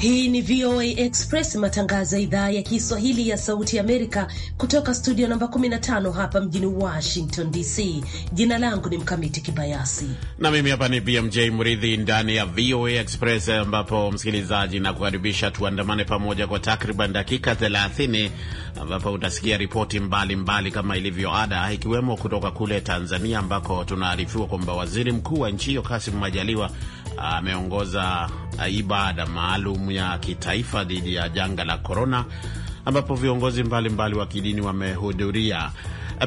Hii ni VOA Express, matangazo ya idhaa ya Kiswahili ya Sauti Amerika kutoka studio namba 15 hapa mjini Washington DC. Jina langu ni Mkamiti Kibayasi na mimi hapa ni BMJ Mridhi ndani ya VOA Express, ambapo msikilizaji na kukaribisha tuandamane pamoja kwa takriban dakika 30 ambapo utasikia ripoti mbalimbali kama ilivyo ada, ikiwemo kutoka kule Tanzania ambako tunaarifiwa kwamba waziri mkuu wa nchi hiyo Kasim Majaliwa ameongoza ibada maalum ya kitaifa dhidi ya janga la korona, ambapo viongozi mbalimbali wa kidini wamehudhuria.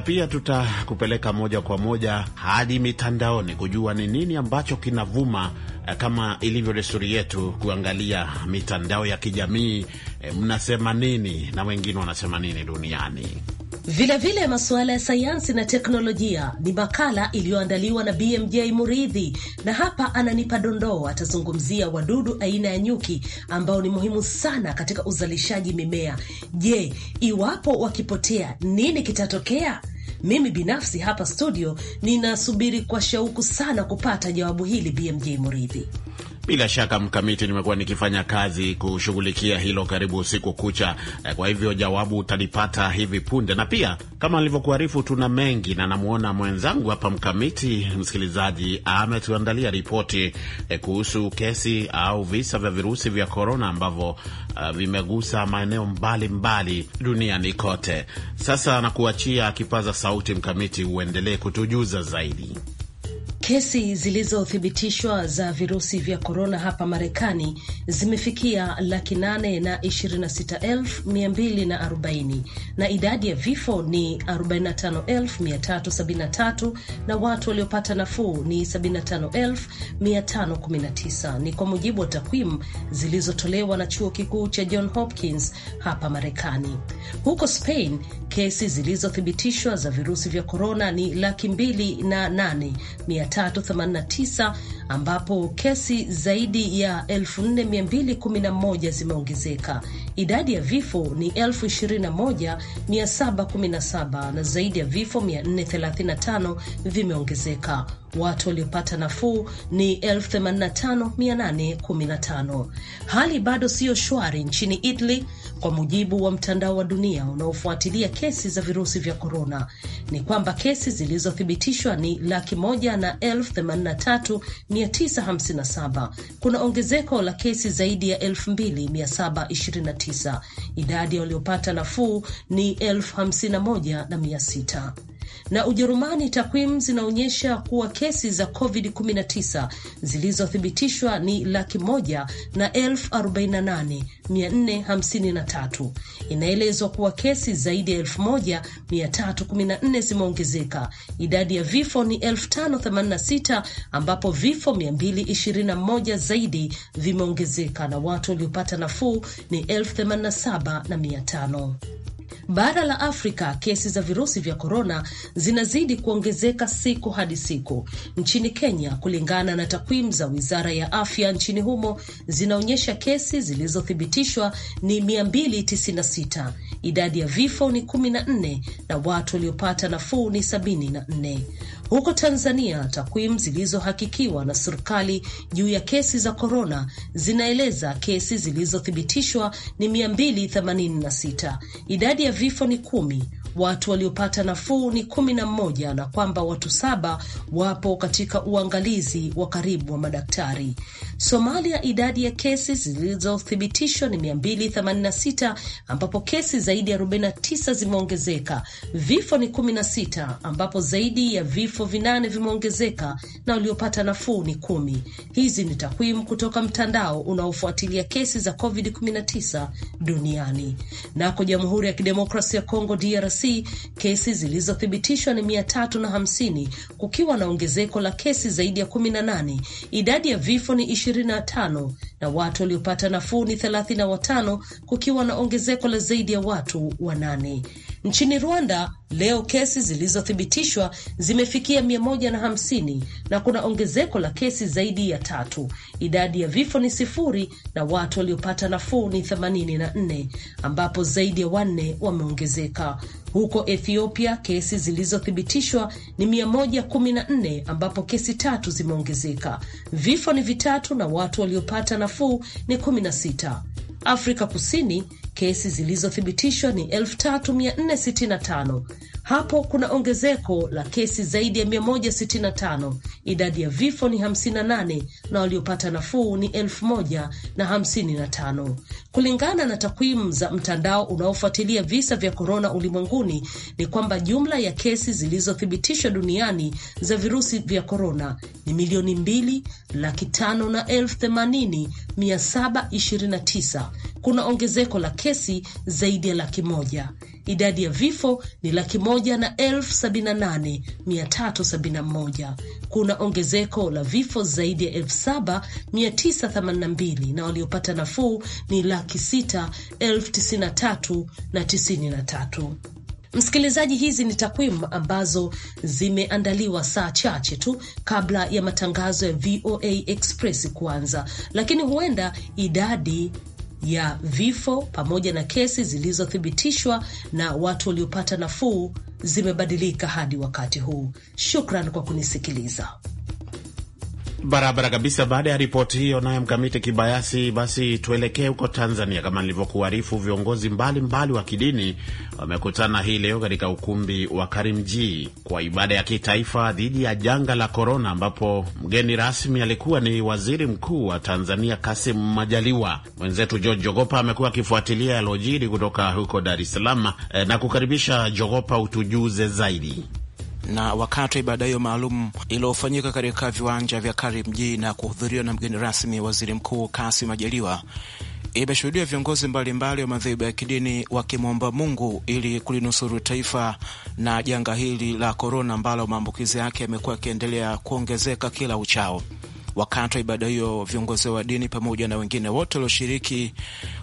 Pia tutakupeleka moja kwa moja hadi mitandaoni kujua ni nini ambacho kinavuma, eh, kama ilivyo desturi yetu, kuangalia mitandao ya kijamii. Eh, mnasema nini na wengine wanasema nini duniani? Vilevile masuala ya sayansi na teknolojia ni makala iliyoandaliwa na BMJ Muridhi, na hapa ananipa dondoo. Atazungumzia wadudu aina ya nyuki ambao ni muhimu sana katika uzalishaji mimea. Je, iwapo wakipotea, nini kitatokea? Mimi binafsi hapa studio ninasubiri kwa shauku sana kupata jawabu hili, BMJ Muridhi. Bila shaka Mkamiti, nimekuwa nikifanya kazi kushughulikia hilo karibu usiku kucha, eh, kwa hivyo jawabu utalipata hivi punde, na pia kama alivyokuarifu, tuna mengi na namwona mwenzangu hapa Mkamiti, msikilizaji, ametuandalia ripoti eh, kuhusu kesi au visa vya virusi vya korona ambavyo uh, vimegusa maeneo mbalimbali duniani kote. Sasa nakuachia kipaza sauti Mkamiti, uendelee kutujuza zaidi. Kesi zilizothibitishwa za virusi vya korona hapa Marekani zimefikia laki nane na ishirini na sita elfu mia mbili na arobaini na idadi ya vifo ni 45373 na watu waliopata nafuu ni 75519 ni kwa mujibu wa takwimu zilizotolewa na chuo kikuu cha John Hopkins hapa Marekani. Huko Spain, kesi zilizothibitishwa za virusi vya korona ni laki mbili na nane mia 389 ambapo kesi zaidi ya 4211 zimeongezeka. Idadi ya vifo ni 21717 na zaidi ya vifo 435 vimeongezeka. Watu waliopata nafuu ni 85815. Hali bado siyo shwari nchini Italy kwa mujibu wa mtandao wa dunia unaofuatilia kesi za virusi vya korona ni kwamba kesi zilizothibitishwa ni laki moja na elfu themanini na tatu mia tisa hamsini na saba. Kuna ongezeko la kesi zaidi ya elfu mbili mia saba ishirini na tisa. Idadi waliopata nafuu ni elfu hamsini na moja na mia sita na Ujerumani, takwimu zinaonyesha kuwa kesi za COVID-19 zilizothibitishwa ni laki moja na elfu arobaini na nane Inaelezwa kuwa kesi zaidi ya 1314 zimeongezeka. Idadi ya vifo ni 586 ambapo vifo 221 zaidi vimeongezeka na watu waliopata nafuu ni 87 na Bara la Afrika, kesi za virusi vya korona zinazidi kuongezeka siku hadi siku. Nchini Kenya, kulingana na takwimu za wizara ya afya nchini humo, zinaonyesha kesi zilizothibitishwa ni 296, idadi ya vifo ni 14 na watu waliopata nafuu ni 74. Huko Tanzania, takwimu zilizohakikiwa na serikali juu ya kesi za korona zinaeleza kesi zilizothibitishwa ni 286, idadi ya vifo ni kumi watu waliopata nafuu ni kumi na mmoja na kwamba watu saba wapo katika uangalizi wa karibu wa madaktari. Somalia, idadi ya kesi zilizothibitishwa ni 286 ambapo kesi zaidi ya 49 zimeongezeka. Vifo ni 16 ambapo zaidi ya vifo vinane vimeongezeka na waliopata nafuu ni kumi. Hizi ni takwimu kutoka mtandao unaofuatilia kesi za COVID-19 duniani. Nako Jamhuri ya Kidemokrasia ya Kongo DRC kesi zilizothibitishwa ni mia tatu na hamsini kukiwa na ongezeko la kesi zaidi ya kumi na nane. Idadi ya vifo ni 25 na na watu waliopata nafuu ni 35 kukiwa na ongezeko la zaidi ya watu wanane. Nchini Rwanda leo kesi zilizothibitishwa zimefikia mia moja na hamsini na kuna ongezeko la kesi zaidi ya tatu. Idadi ya vifo ni sifuri na watu waliopata nafuu ni 84 ambapo zaidi ya wanne wameongezeka. Huko Ethiopia kesi zilizothibitishwa ni 114 ambapo kesi tatu zimeongezeka. Vifo ni vitatu na watu waliopata nafuu ni 16. Afrika Kusini kesi zilizothibitishwa ni 3465. Hapo kuna ongezeko la kesi zaidi ya 165. Idadi ya vifo ni 58 na waliopata nafuu ni 1055. Kulingana na takwimu za mtandao unaofuatilia visa vya korona ulimwenguni, ni kwamba jumla ya kesi zilizothibitishwa duniani za virusi vya korona ni milioni 2 laki 5 na elfu kuna ongezeko la kesi zaidi ya laki moja. Idadi ya vifo ni laki moja na elfu sabini na nane mia tatu sabini na moja. Kuna ongezeko la vifo zaidi ya elfu saba mia tisa themanini na mbili na waliopata nafuu ni laki sita elfu tisini na tatu na tisini na tatu. Msikilizaji, hizi ni takwimu ambazo zimeandaliwa saa chache tu kabla ya matangazo ya VOA Express kuanza, lakini huenda idadi ya vifo pamoja na kesi zilizothibitishwa na watu waliopata nafuu zimebadilika hadi wakati huu. Shukran kwa kunisikiliza. Barabara kabisa. Baada ya ripoti hiyo, naye Mkamiti Kibayasi, basi tuelekee huko Tanzania. Kama nilivyokuarifu, viongozi mbalimbali mbali wa kidini wamekutana hii leo katika ukumbi wa Karimjee kwa ibada ya kitaifa dhidi ya janga la korona, ambapo mgeni rasmi alikuwa ni waziri mkuu wa Tanzania Kasim Majaliwa. Mwenzetu George Jogopa amekuwa akifuatilia yalojiri kutoka huko Dar es Salaam eh, na kukaribisha Jogopa utujuze zaidi na wakati wa ibada hiyo maalum iliyofanyika katika viwanja vya Karimjee na kuhudhuriwa na mgeni rasmi Waziri Mkuu Kassim Majaliwa imeshuhudia viongozi mbalimbali wa madhehebu ya kidini wakimwomba Mungu ili kulinusuru taifa na janga hili la korona ambalo maambukizi yake yamekuwa yakiendelea kuongezeka kila uchao. Wakati wa ibada hiyo, viongozi wa dini pamoja na wengine wote walioshiriki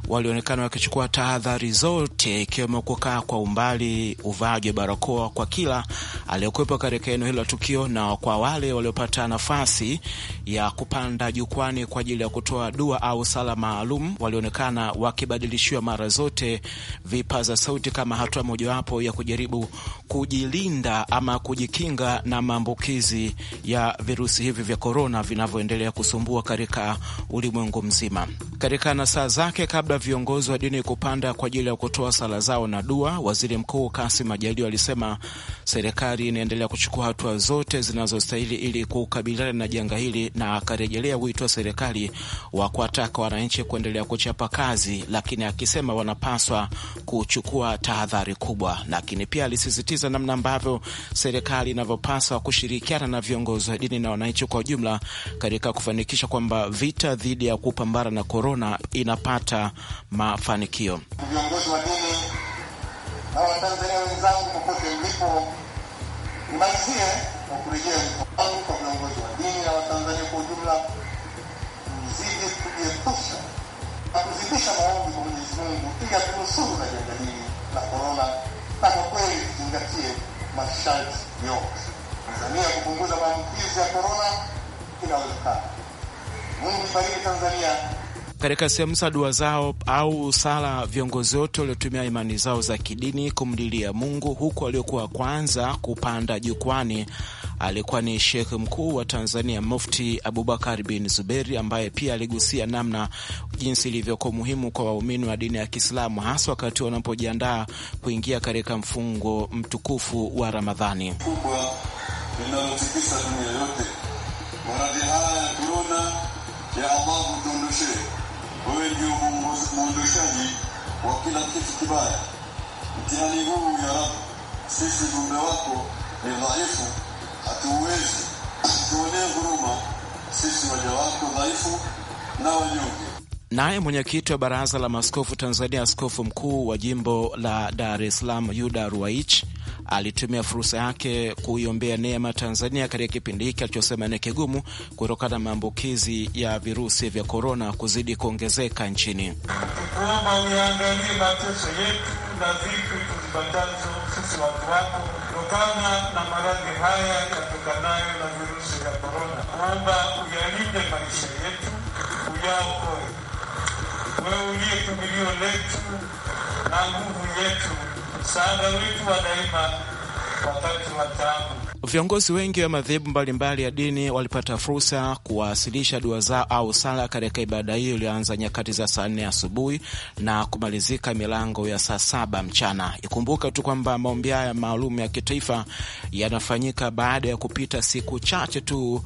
walionekana wakichukua tahadhari zote, ikiwemo kukaa kwa umbali, uvaaji wa barakoa kwa kila aliyokuwepo katika eneo hilo la tukio, na kwa wale waliopata nafasi ya kupanda jukwani kwa ajili ya kutoa dua au sala maalum, walionekana wakibadilishiwa mara zote vipaza sauti kama hatua mojawapo ya kujaribu kujilinda ama kujikinga na maambukizi ya virusi hivi vya korona vinavyo kuendelea kusumbua katika ulimwengu mzima. Katika nasaa zake kabla viongozi wa dini kupanda kwa ajili ya kutoa sala zao na dua, waziri mkuu Kassim Majaliwa alisema serikali inaendelea kuchukua hatua zote zinazostahili ili kukabiliana na janga hili, na akarejelea wito wa serikali wa kuwataka wananchi kuendelea kuchapa kazi, lakini akisema wanapaswa kuchukua tahadhari kubwa. Lakini pia alisisitiza namna ambavyo serikali inavyopaswa kushirikiana na viongozi wa dini na wananchi kwa ujumla katika kufanikisha kwamba vita dhidi ya kupambana na korona korona inapata mafanikio. Viongozi wa dini na Watanzania wenzangu popote mlipo, nimalizie na kurejea wangu kwa viongozi wa dini na Watanzania kwa ujumla, mzidi kujiepusha na kuzidisha maombi kwa Mwenyezi Mungu ili atunusuru na janga hili la korona, na kwa kweli tuzingatie masharti yote. Tanzania kupunguza maambukizi ya korona inawezekana. Mungu ibariki Tanzania katika sehemu za dua zao au sala, viongozi wote waliotumia imani zao za kidini kumdilia Mungu, huku aliokuwa kwanza kupanda jukwani alikuwa ni Shekhe mkuu wa Tanzania, Mufti Abubakar bin Zuberi, ambaye pia aligusia namna jinsi ilivyokuwa muhimu kwa waumini wa dini ya Kiislamu, hasa wakati wanapojiandaa kuingia katika mfungo mtukufu wa Ramadhani kubwa linalotikisa dunia yote. Maradhi haya ya korona ya Allah wewe ndio mwondeshaji wa kila kitu kibaya. Mtihani huu ya Rabu, sisi viumbe wako ni dhaifu, hatuwezi. Tuonee huruma sisi waja wako dhaifu na wanyonge. Naye mwenyekiti wa baraza la maskofu Tanzania, askofu mkuu wa jimbo la Dar es Salaam Yuda Ruwaich alitumia fursa yake kuiombea neema Tanzania katika kipindi hiki alichosema ni kigumu kutokana na maambukizi ya virusi vya korona kuzidi kuongezeka nchini. Kuomba uyaangalie mateso yetu na vitu tuzipatazo sisi watu wako kutokana na maradhi haya yatokanayo na virusi vya korona. Kuomba uyalinde maisha yetu, uyaokoe wewe uliye letu na nguvu yetu, msaada wetu wa daima wakati wa taabu. Viongozi wengi wa madhehebu mbalimbali ya dini walipata fursa kuwasilisha dua zao au sala katika ibada hiyo iliyoanza nyakati za saa nne asubuhi na kumalizika milango ya saa saba mchana. Ikumbuke tu kwamba maombi haya maalum ya kitaifa yanafanyika baada ya kupita siku chache tu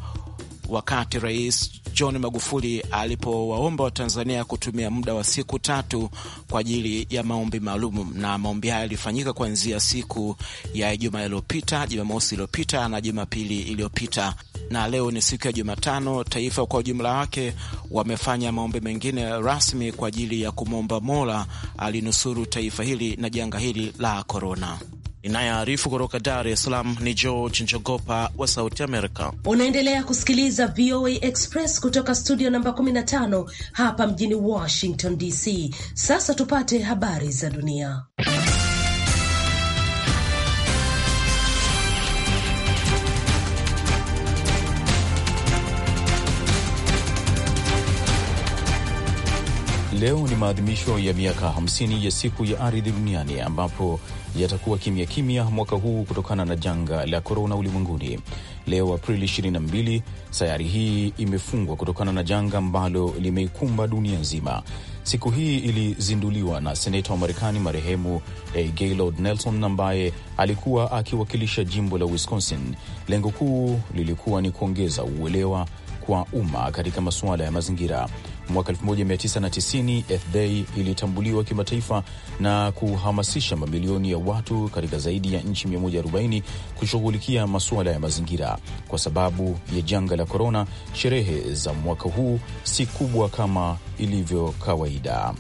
wakati Rais John Magufuli alipowaomba Watanzania kutumia muda wa siku tatu kwa ajili ya maombi maalum, na maombi haya yalifanyika kuanzia siku ya Ijumaa iliyopita, Jumamosi iliyopita na Jumapili iliyopita, na leo ni siku ya Jumatano. Taifa kwa ujumla wake wamefanya maombi mengine rasmi kwa ajili ya kumwomba Mola alinusuru taifa hili na janga hili la korona. Inayoarifu kutoka Dar es Salaam ni George Njogopa wa Sauti Amerika. Unaendelea kusikiliza VOA Express kutoka studio namba 15 hapa mjini Washington DC. Sasa tupate habari za dunia. leo ni maadhimisho ya miaka 50 ya siku ya ardhi duniani ambapo yatakuwa kimya kimya mwaka huu kutokana na janga la korona ulimwenguni. Leo Aprili 22, sayari hii imefungwa kutokana na janga ambalo limeikumba dunia nzima. Siku hii ilizinduliwa na seneta wa Marekani marehemu eh, Gaylord Nelson ambaye alikuwa akiwakilisha jimbo la Wisconsin. Lengo kuu lilikuwa ni kuongeza uelewa kwa umma katika masuala ya mazingira. Mwaka 1990 Earthday ilitambuliwa kimataifa na kuhamasisha mamilioni ya watu katika zaidi ya nchi 140 kushughulikia masuala ya mazingira. Kwa sababu ya janga la korona, sherehe za mwaka huu si kubwa kama ilivyo kawaida.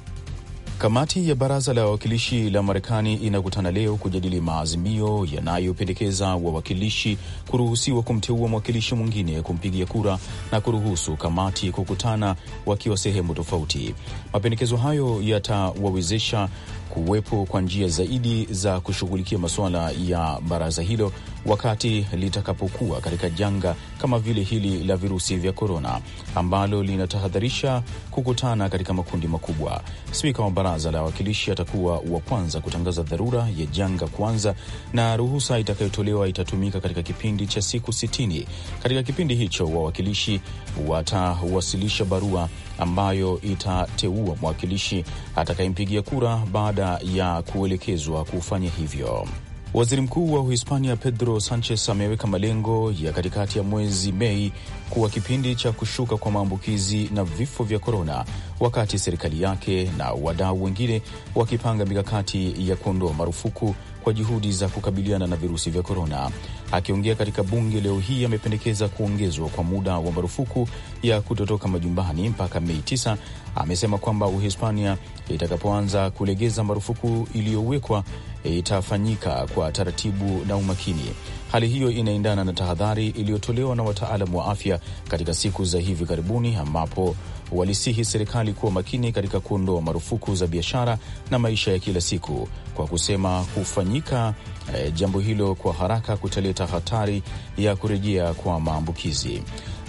Kamati ya baraza la wawakilishi la Marekani inakutana leo kujadili maazimio yanayopendekeza wawakilishi kuruhusiwa kumteua mwakilishi mwingine kumpigia kura na kuruhusu kamati kukutana wakiwa sehemu tofauti. Mapendekezo hayo yatawawezesha kuwepo kwa njia zaidi za kushughulikia masuala ya baraza hilo wakati litakapokuwa katika janga kama vile hili la virusi vya korona ambalo linatahadharisha kukutana katika makundi makubwa. Spika wa baraza la wawakilishi atakuwa wa kwanza kutangaza dharura ya janga kwanza, na ruhusa itakayotolewa itatumika katika kipindi cha siku sitini. Katika kipindi hicho wawakilishi watawasilisha barua ambayo itateua mwakilishi atakayempigia kura baada ya kuelekezwa kufanya hivyo. Waziri Mkuu wa Uhispania Pedro Sanchez ameweka malengo ya katikati ya mwezi Mei kuwa kipindi cha kushuka kwa maambukizi na vifo vya korona, wakati serikali yake na wadau wengine wakipanga mikakati ya kuondoa marufuku kwa juhudi za kukabiliana na virusi vya korona. Akiongea katika bunge leo hii, amependekeza kuongezwa kwa muda wa marufuku ya kutotoka majumbani mpaka Mei 9. Amesema kwamba Uhispania itakapoanza kulegeza marufuku iliyowekwa itafanyika kwa taratibu na umakini. Hali hiyo inaendana na tahadhari iliyotolewa na wataalam wa afya katika siku za hivi karibuni ambapo walisihi serikali kuwa makini katika kuondoa marufuku za biashara na maisha ya kila siku, kwa kusema kufanyika eh, jambo hilo kwa haraka kutaleta hatari ya kurejea kwa maambukizi.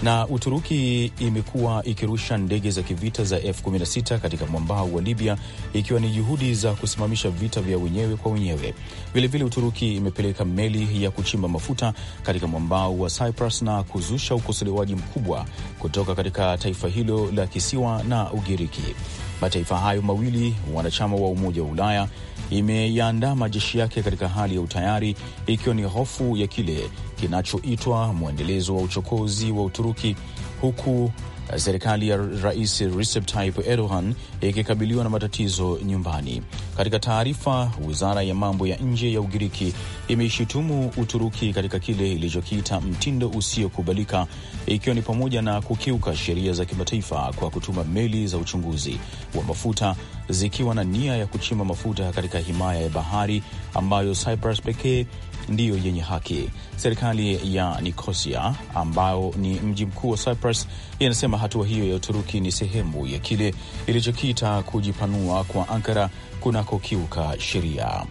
Na Uturuki imekuwa ikirusha ndege za kivita za F-16 katika mwambao wa Libya ikiwa ni juhudi za kusimamisha vita vya wenyewe kwa wenyewe. Vilevile, Uturuki imepeleka meli ya kuchimba mafuta katika mwambao wa Cyprus na kuzusha ukosolewaji mkubwa kutoka katika taifa hilo la kisiwa na Ugiriki. Mataifa hayo mawili wanachama wa Umoja wa Ulaya imeiandaa majeshi yake katika hali ya utayari, ikiwa ni hofu ya kile kinachoitwa mwendelezo wa uchokozi wa Uturuki, huku Eh, serikali ya Rais Recep Tayyip Erdogan ikikabiliwa na matatizo nyumbani. Katika taarifa, wizara ya mambo ya nje ya Ugiriki imeishutumu Uturuki katika kile ilichokiita mtindo usiokubalika, ikiwa ni pamoja na kukiuka sheria za kimataifa kwa kutuma meli za uchunguzi wa mafuta zikiwa na nia ya kuchimba mafuta katika himaya ya bahari ambayo Cyprus pekee ndiyo yenye haki. Serikali ya Nikosia ambao ni mji mkuu wa Cyprus inasema hatua hiyo ya Uturuki ni sehemu ya kile ilichokiita kujipanua kwa Ankara kunakokiuka sheria.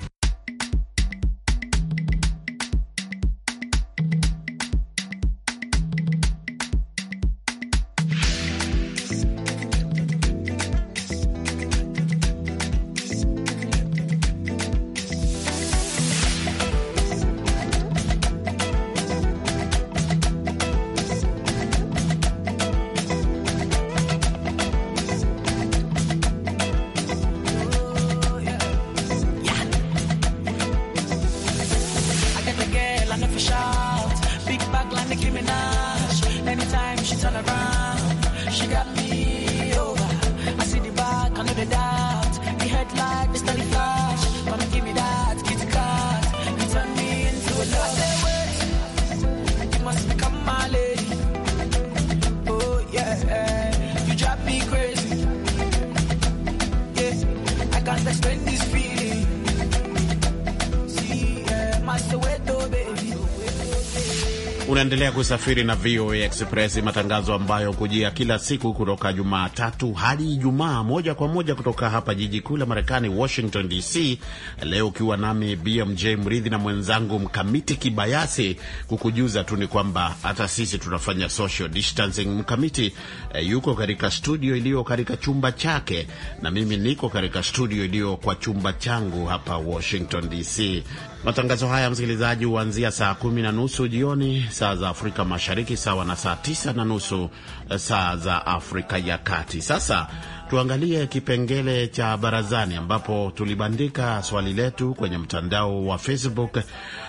kusafiri na VOA Express, matangazo ambayo kujia kila siku kutoka Jumatatu hadi Ijumaa, moja kwa moja kutoka hapa jiji kuu la Marekani, Washington DC. Leo ukiwa nami BMJ Mridhi na mwenzangu Mkamiti Kibayasi, kukujuza tu ni kwamba hata sisi tunafanya social distancing. Mkamiti e, yuko katika studio iliyo katika chumba chake na mimi niko katika studio iliyo kwa chumba changu hapa Washington DC. Matangazo haya msikilizaji, huanzia saa kumi na nusu jioni saa za Afrika Mashariki, sawa na saa tisa na nusu eh, saa za Afrika ya Kati. Sasa tuangalie kipengele cha barazani, ambapo tulibandika swali letu kwenye mtandao wa Facebook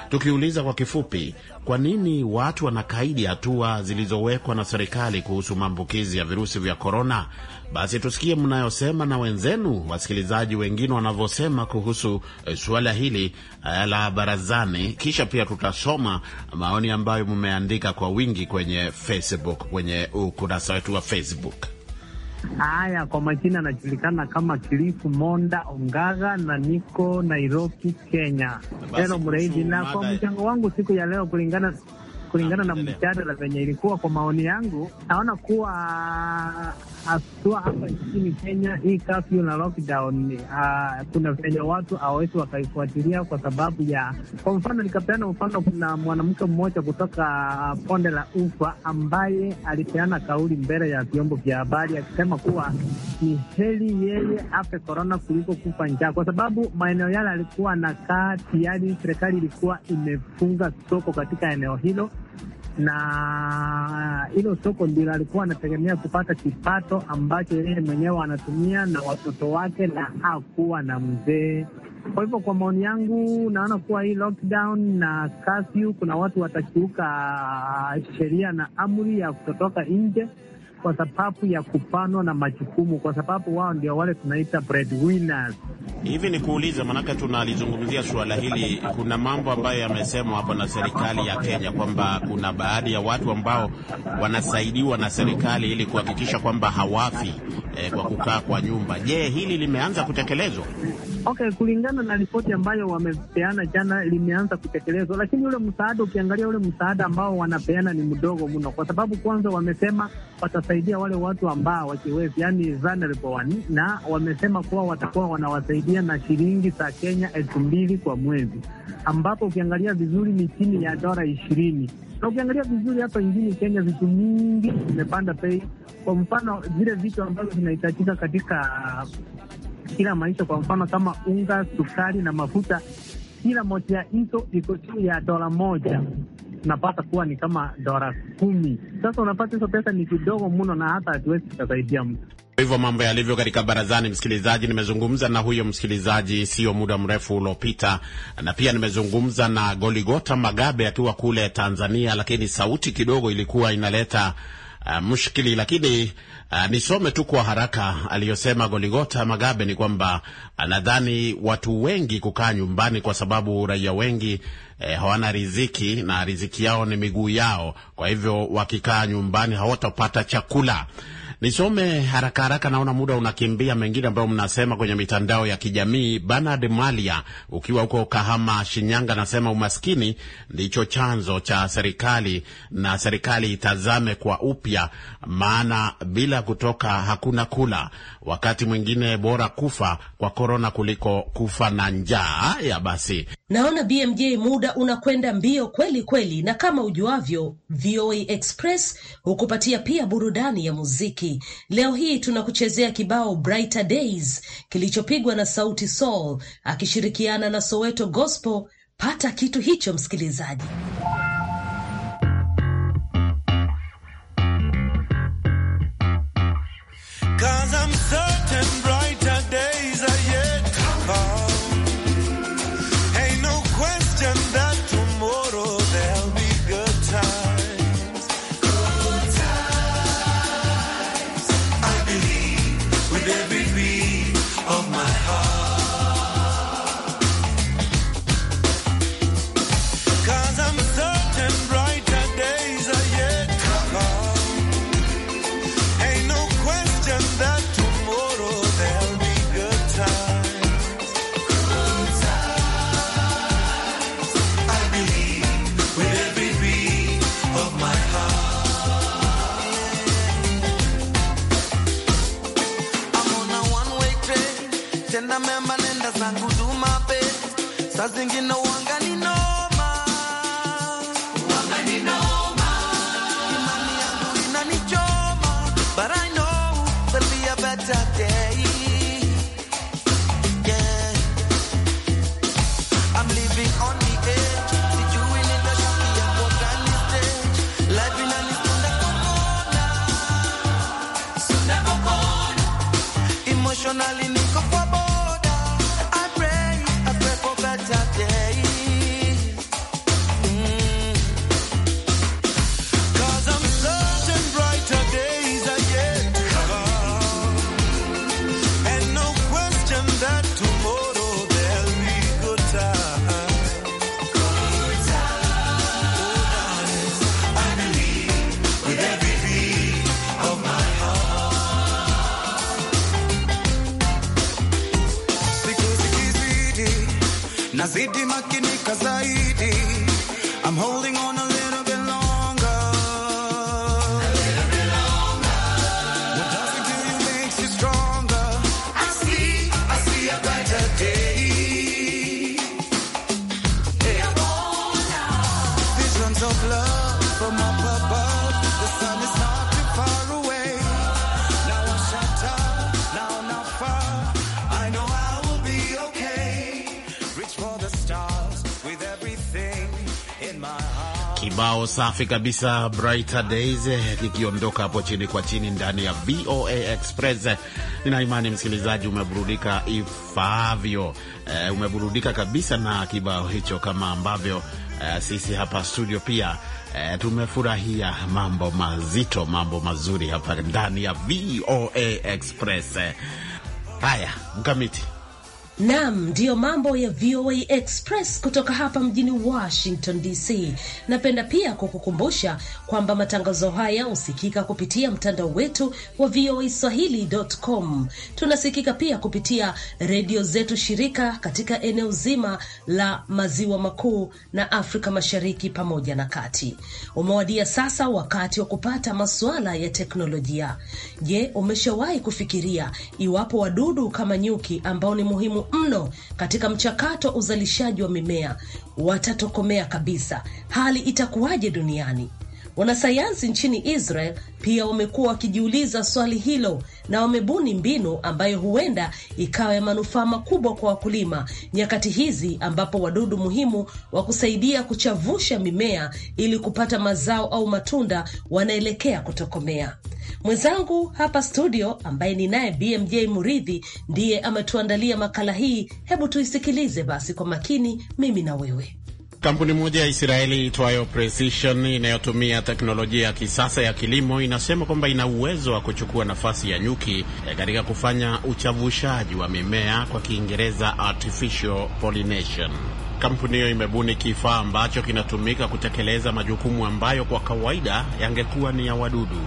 tukiuliza kwa kifupi, kwa nini watu wanakaidi hatua zilizowekwa na serikali kuhusu maambukizi ya virusi vya korona? Basi tusikie mnayosema na wenzenu wasikilizaji wengine wanavyosema kuhusu eh, suala hili eh, la barazani, kisha pia tutasoma maoni ambayo mmeandika kwa wingi kwenye Facebook, kwenye ukurasa wetu wa Facebook. Haya, kwa majina anajulikana kama Kilifu Monda Ongaga na niko Nairobi, Kenya. Neno mrahidi na kwa mchango wangu siku ya leo kulingana kulingana na mjadala venye ilikuwa, kwa maoni yangu, naona kuwa asua ah, hapa nchini Kenya hii kafyu na lockdown uh, kuna venye watu hawawezi wakaifuatilia kwa sababu ya, kwa mfano nikapeana mfano, kuna mwanamke mmoja kutoka Ponde ah, la Ufa ambaye alipeana kauli mbele ya vyombo vya habari akisema kuwa ni heli yeye afe korona kuliko kufa njaa, kwa sababu maeneo yale alikuwa anakaa tayari serikali ilikuwa imefunga soko katika eneo hilo na hilo soko ndilo alikuwa anategemea kupata kipato ambacho yeye mwenyewe anatumia na watoto wake, na hakuwa na mzee. Kwa hivyo, kwa maoni yangu, naona kuwa hii lockdown na curfew, kuna watu watakiuka sheria na amri ya kutotoka nje kwa sababu ya kupanwa na majukumu, kwa sababu wao ndio wale tunaita breadwinners. Hivi ni kuuliza, maanake tunalizungumzia suala hili. Kuna mambo ambayo yamesemwa hapa na serikali ya Kenya kwamba kuna baadhi ya watu ambao wanasaidiwa na serikali ili kuhakikisha kwamba hawafi eh, kwa kukaa kwa nyumba. Je, hili limeanza kutekelezwa? Okay, kulingana na ripoti ambayo wamepeana jana limeanza kutekelezwa, lakini ule msaada ukiangalia ule msaada ambao wanapeana ni mdogo mno, kwa sababu kwanza wamesema watasaidia wale watu ambao wakiwezi, yani vulnerable one, na wamesema kuwa watakuwa wanawasaidia na shilingi za Kenya elfu mbili kwa mwezi, ambapo ukiangalia vizuri ni chini ya dola ishirini na ukiangalia vizuri hapa nchini Kenya vitu mingi vimepanda bei kwa mfano vile vitu ambazo vinahitajika katika kila maisha, kwa mfano kama unga, sukari na mafuta, kila moja ya hizo iko juu ya dola moja napata kuwa ni kama dola kumi. Sasa unapata hizo pesa ni kidogo mno, na hata hatuwezi kusaidia mtu. Hivyo mambo yalivyo katika barazani, msikilizaji. Nimezungumza na huyo msikilizaji sio muda mrefu uliopita, na pia nimezungumza na Goligota Magabe akiwa kule Tanzania, lakini sauti kidogo ilikuwa inaleta uh, ah, mshkili, lakini uh, nisome tu kwa haraka aliyosema Goligota Magabe ni kwamba uh, nadhani watu wengi kukaa nyumbani kwa sababu raia wengi eh, hawana riziki na riziki yao ni miguu yao, kwa hivyo wakikaa nyumbani hawatapata chakula Nisome haraka haraka, naona muda unakimbia, mengine ambayo mnasema kwenye mitandao ya kijamii. Bernard Malia, ukiwa huko Kahama, Shinyanga, nasema umaskini ndicho chanzo cha serikali na serikali itazame kwa upya, maana bila kutoka hakuna kula. Wakati mwingine bora kufa kwa korona kuliko kufa na njaa. Haya basi. Naona BMJ muda unakwenda mbio kweli kweli, na kama ujuavyo, VOA Express hukupatia pia burudani ya muziki. Leo hii tunakuchezea kibao Brighter Days kilichopigwa na Sauti Sol akishirikiana na Soweto Gospel. Pata kitu hicho msikilizaji. Kibao safi kabisa, Brighter Days eh, kikiondoka hapo chini kwa chini ndani ya VOA Express. Nina imani msikilizaji umeburudika ifavyo E, umeburudika kabisa na kibao hicho, kama ambavyo e, sisi hapa studio pia e, tumefurahia mambo mazito, mambo mazuri hapa ndani ya VOA Express. Haya, mkamiti Nam, ndiyo mambo ya VOA Express kutoka hapa mjini Washington DC. Napenda pia kukukumbusha kwamba matangazo haya husikika kupitia mtandao wetu wa VOA Swahili.com. Tunasikika pia kupitia redio zetu shirika katika eneo zima la maziwa makuu na Afrika Mashariki pamoja na kati. Umewadia sasa wakati wa kupata masuala ya teknolojia. Je, umeshawahi kufikiria iwapo wadudu kama nyuki ambao ni muhimu mno katika mchakato wa uzalishaji wa mimea watatokomea kabisa. Hali itakuwaje duniani? Wanasayansi nchini Israel pia wamekuwa wakijiuliza swali hilo na wamebuni mbinu ambayo huenda ikawa ya manufaa makubwa kwa wakulima nyakati hizi ambapo wadudu muhimu wa kusaidia kuchavusha mimea ili kupata mazao au matunda wanaelekea kutokomea. Mwenzangu hapa studio ambaye ni naye BMJ Muridhi ndiye ametuandalia makala hii. Hebu tuisikilize basi kwa makini, mimi na wewe. Kampuni moja ya Israeli itwayo Precision inayotumia teknolojia ya kisasa ya kilimo inasema kwamba ina uwezo wa kuchukua nafasi ya nyuki eh, katika kufanya uchavushaji wa mimea, kwa Kiingereza artificial pollination. Kampuni hiyo imebuni kifaa ambacho kinatumika kutekeleza majukumu ambayo kwa kawaida yangekuwa ni ya wadudu,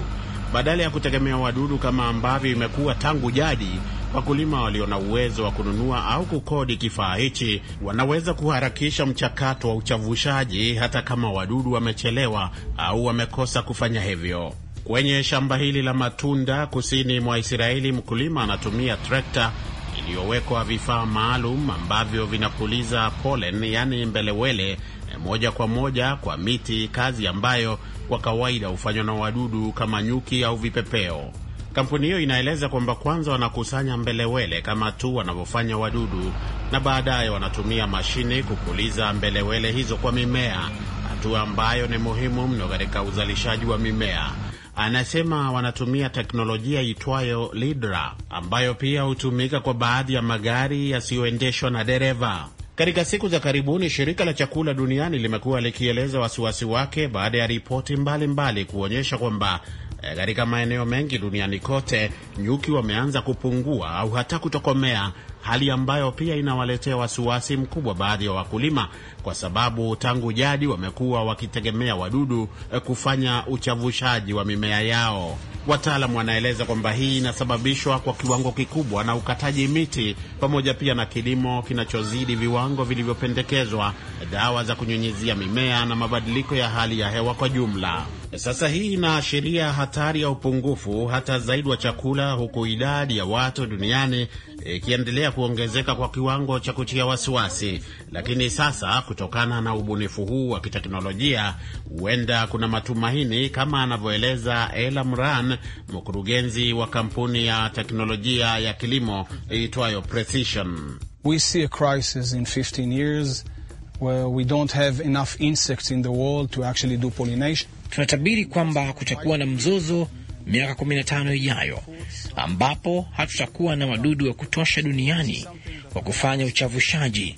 badala ya kutegemea wadudu kama ambavyo imekuwa tangu jadi wakulima walio na uwezo wa kununua au kukodi kifaa hichi wanaweza kuharakisha mchakato wa uchavushaji hata kama wadudu wamechelewa au wamekosa kufanya hivyo. Kwenye shamba hili la matunda kusini mwa Israeli, mkulima anatumia trekta iliyowekwa vifaa maalum ambavyo vinapuliza polen, yani mbelewele, moja kwa moja kwa miti, kazi ambayo kwa kawaida hufanywa na wadudu kama nyuki au vipepeo. Kampuni hiyo inaeleza kwamba kwanza wanakusanya mbelewele kama tu wanavyofanya wadudu, na baadaye wanatumia mashine kupuliza mbelewele hizo kwa mimea, hatua ambayo ni muhimu mno katika uzalishaji wa mimea. Anasema wanatumia teknolojia itwayo Lidra ambayo pia hutumika kwa baadhi ya magari yasiyoendeshwa na dereva. Katika siku za karibuni, shirika la chakula duniani limekuwa likieleza wasiwasi wake baada ya ripoti mbalimbali kuonyesha kwamba Eh, katika maeneo mengi duniani kote, nyuki wameanza kupungua au hata kutokomea, hali ambayo pia inawaletea wasiwasi mkubwa baadhi ya wa wakulima, kwa sababu tangu jadi wamekuwa wakitegemea wadudu eh, kufanya uchavushaji wa mimea yao. Wataalamu wanaeleza kwamba hii inasababishwa kwa kiwango kikubwa na ukataji miti pamoja pia na kilimo kinachozidi viwango vilivyopendekezwa, dawa za kunyunyizia mimea na mabadiliko ya hali ya hewa kwa jumla. Sasa hii inaashiria hatari ya upungufu hata zaidi wa chakula, huku idadi ya watu duniani ikiendelea kuongezeka kwa kiwango cha kutia wasiwasi. Lakini sasa, kutokana na ubunifu huu wa kiteknolojia, huenda kuna matumaini, kama anavyoeleza Ela Mran, mkurugenzi wa kampuni ya teknolojia ya kilimo iitwayo Precision. We see a crisis in 15 years where we don't have enough insects in the world to actually do pollination tunatabiri kwamba kutakuwa na mzozo miaka 15 ijayo, ambapo hatutakuwa na wadudu wa kutosha duniani wa kufanya uchavushaji,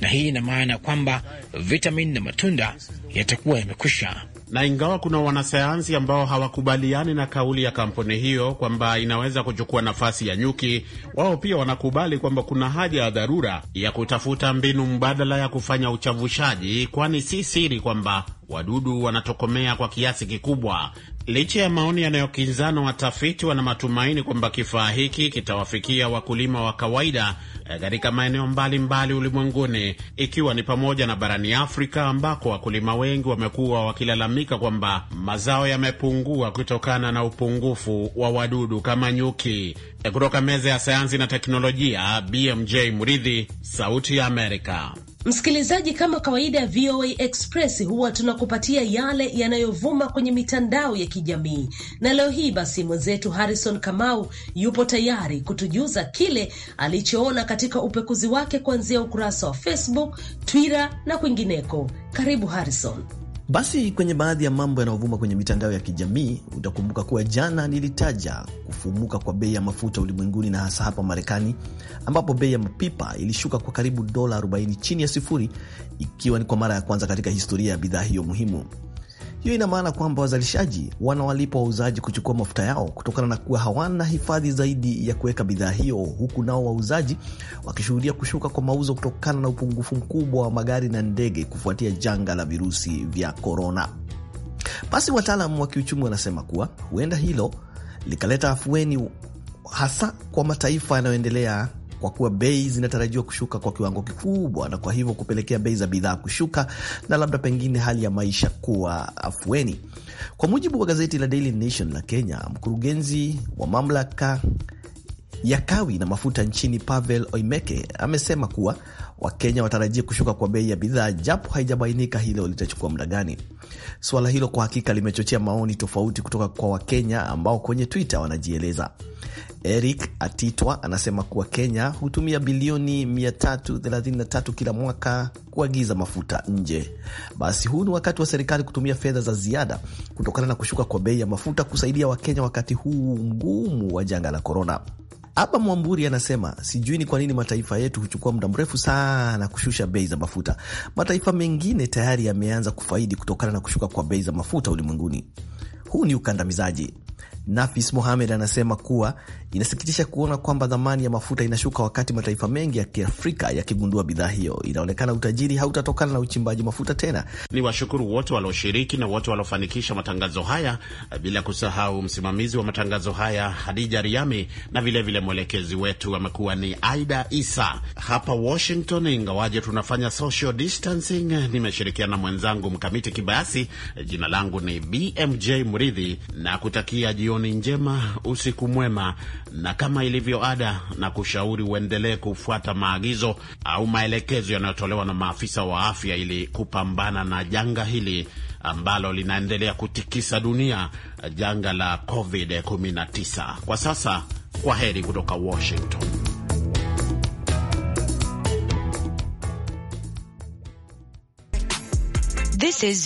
na hii ina maana kwamba vitamini na matunda yatakuwa yamekwisha na ingawa kuna wanasayansi ambao hawakubaliani na kauli ya kampuni hiyo kwamba inaweza kuchukua nafasi ya nyuki, wao pia wanakubali kwamba kuna haja ya dharura ya kutafuta mbinu mbadala ya kufanya uchavushaji, kwani si siri kwamba wadudu wanatokomea kwa kiasi kikubwa Licha ya maoni yanayokinzana, watafiti wana matumaini kwamba kifaa hiki kitawafikia wakulima wa kawaida eh, katika maeneo mbalimbali ulimwenguni, ikiwa ni pamoja na barani Afrika ambako wakulima wengi wamekuwa wakilalamika kwamba mazao yamepungua kutokana na upungufu wa wadudu kama nyuki. Eh, kutoka meza ya sayansi na teknolojia, BMJ Muridhi, Sauti ya Amerika. Msikilizaji, kama kawaida ya VOA Express huwa tunakupatia yale yanayovuma kwenye mitandao ya kijamii, na leo hii basi mwenzetu Harrison Kamau yupo tayari kutujuza kile alichoona katika upekuzi wake kuanzia ukurasa wa Facebook, Twitter na kwingineko. Karibu Harrison. Basi kwenye baadhi ya mambo yanayovuma kwenye mitandao ya kijamii, utakumbuka kuwa jana nilitaja kufumuka kwa bei ya mafuta ulimwenguni na hasa hapa Marekani, ambapo bei ya mapipa ilishuka kwa karibu dola 40 chini ya sifuri, ikiwa ni kwa mara ya kwanza katika historia ya bidhaa hiyo muhimu. Hiyo ina maana kwamba wazalishaji wanawalipa wauzaji kuchukua mafuta yao kutokana na kuwa hawana hifadhi zaidi ya kuweka bidhaa hiyo, huku nao wauzaji wakishuhudia kushuka kwa mauzo kutokana na upungufu mkubwa wa magari na ndege kufuatia janga la virusi vya korona. Basi wataalam wa kiuchumi wanasema kuwa huenda hilo likaleta afueni hasa kwa mataifa yanayoendelea kwa kuwa bei zinatarajiwa kushuka kwa kiwango kikubwa, na kwa hivyo kupelekea bei za bidhaa kushuka na labda pengine hali ya maisha kuwa afueni. Kwa mujibu wa gazeti la Daily Nation la Kenya, mkurugenzi wa mamlaka ya kawi na mafuta nchini Pavel Oimeke amesema kuwa Wakenya watarajia kushuka kwa bei ya bidhaa, japo haijabainika hilo litachukua muda gani. Suala hilo kwa hakika limechochea maoni tofauti kutoka kwa Wakenya ambao kwenye Twitter wanajieleza. Eric Atitwa anasema kuwa Kenya hutumia bilioni 333 kila mwaka kuagiza mafuta nje. Basi huu ni wakati wa serikali kutumia fedha za ziada kutokana na kushuka kwa bei ya mafuta kusaidia Wakenya wakati huu mgumu wa janga la korona. Aba Mwamburi anasema sijui ni kwa nini mataifa yetu huchukua muda mrefu sana kushusha bei za mafuta. Mataifa mengine tayari yameanza kufaidi kutokana na kushuka kwa bei za mafuta ulimwenguni. Huu ni ukandamizaji. Nafis Mohamed anasema kuwa Inasikitisha kuona kwamba dhamani ya mafuta inashuka wakati mataifa mengi ya Kiafrika yakigundua bidhaa hiyo. Inaonekana utajiri hautatokana na uchimbaji mafuta tena. Ni washukuru wote walioshiriki na wote waliofanikisha matangazo haya, bila kusahau msimamizi wa matangazo haya Hadija Riami, na vilevile vile mwelekezi wetu amekuwa ni Aida Isa hapa Washington. Ingawaje tunafanya social distancing, nimeshirikiana na mwenzangu Mkamiti Kibayasi. Jina langu ni BMJ Mridhi na kutakia jioni njema, usiku mwema na kama ilivyo ada, na kushauri uendelee kufuata maagizo au maelekezo yanayotolewa na maafisa wa afya ili kupambana na janga hili ambalo linaendelea kutikisa dunia, janga la COVID-19. Kwa sasa, kwa heri kutoka Washington. This is